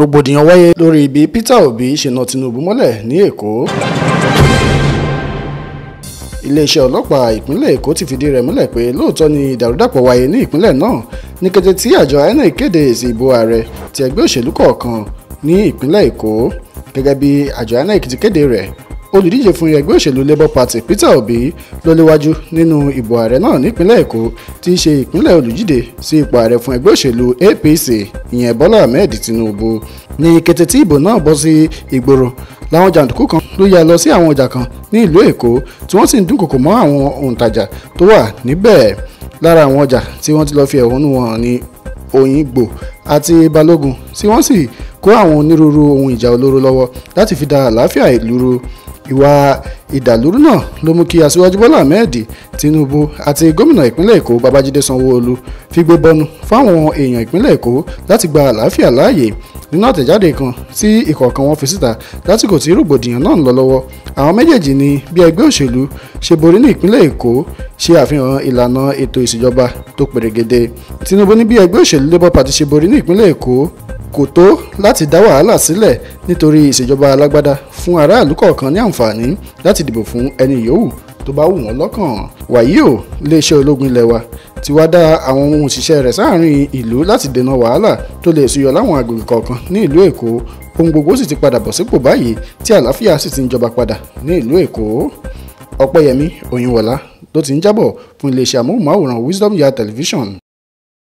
rògbòdìyàn wáyé lórí ibi Peter Obi ṣènà Tinubu mọ́lẹ̀ ní Èkó iléeṣẹ́ ọlọ́pàá ìpínlẹ̀ èkó ti fìdí rẹ̀ múlẹ̀ pé lóòótọ́ ni ìdàrúdàpọ̀ wáyé ní ìpínlẹ̀ náà ní kété tí àjọ INEC kéde èsì ìbò ààrẹ ti ẹgbẹ́ òṣèlú kọ̀ọ̀kan ní ìpínlẹ̀ èkó gẹ́gẹ́ bí àjọ INEC ti kéde rẹ̀ olùdíje fún ẹgbẹ́ òṣèlú labour party peter obi ló léwájú nínú ìbò ààrẹ náà nípínlẹ̀ èkó tí í ṣe ìpínlẹ̀ olùdíje sí ipò ààrẹ fún ẹgbẹ́ òṣèlú apc ìyẹn bọ́lá ahmed tinubu ní kété tí ìbò náà bọ́ sí ìgboro làwọn jàǹdùkú kan ló ya lọ sí àwọn ọjà kan ní ìlú èkó tí wọ́n sì ń dúnkòkò mọ́ àwọn òǹtajà tó wà níbẹ̀ lára àwọn ọjà tí wọ́n ti lọ́ọ́ fi ẹ̀hónú wọn ní òyìnbó àti balógun tí wọ́n sì kó àwọn onírúurú ohun ìjà olóró lọ́wọ́ láti fi da àlàáfíà ìlú rú ìwà ìdàlúrú náà ló mú kí aṣíwájú bọ́lá ahmed tinubu àti gómìnà ìpínlẹ̀ èkó babájídé sanwóolu fi gbé bọnu fáwọn èèyàn ìpínlẹ̀ èkó láti gba àlàáfíà láàyè nínú àtẹ̀jáde kan tí ìkọ̀ọ̀kan wọn fi síta lásìkò tí rògbòdìyàn náà ń lọ lọ́wọ́ àwọn méjèèjì ni bí ẹgbẹ́ òṣèlú ṣe borí ní ìpínlẹ̀ èkó ṣe àfihàn ìlànà ètò ìṣèjọba tó pèrègede tinubu ní bí ẹgbẹ́ òṣèlú labour party ṣe borí ní ìpínlẹ̀ èkó kò tó láti dá wàhálà sílẹ̀ nítorí ìṣèjọba alágbádá fún aráàlú kọ̀ọ̀kan ní àǹfààní láti dìbò fún ẹni yòówù tó bá wù wọ́n lọ́kàn wàyí ò iléeṣẹ́ ológun ilẹ̀ wa ti wá dá àwọn ohun òṣìṣẹ́ rẹ̀ sáàrin ìlú láti dènà wàhálà tó lè ṣúyọ láwọn agbègbè kọ̀ọ̀kan ní ìlú Èkó ohun gbogbo sì ti padà bọ̀ sípò báyìí tí àlàáfíà sì ti ń jọba padà ní ìlú Èkó Ọpẹ́yẹmí Òyìnwọlá ló ti ń jábọ̀ fún iléeṣẹ́ amóhùnmáwòrán Wisdom Yard Television.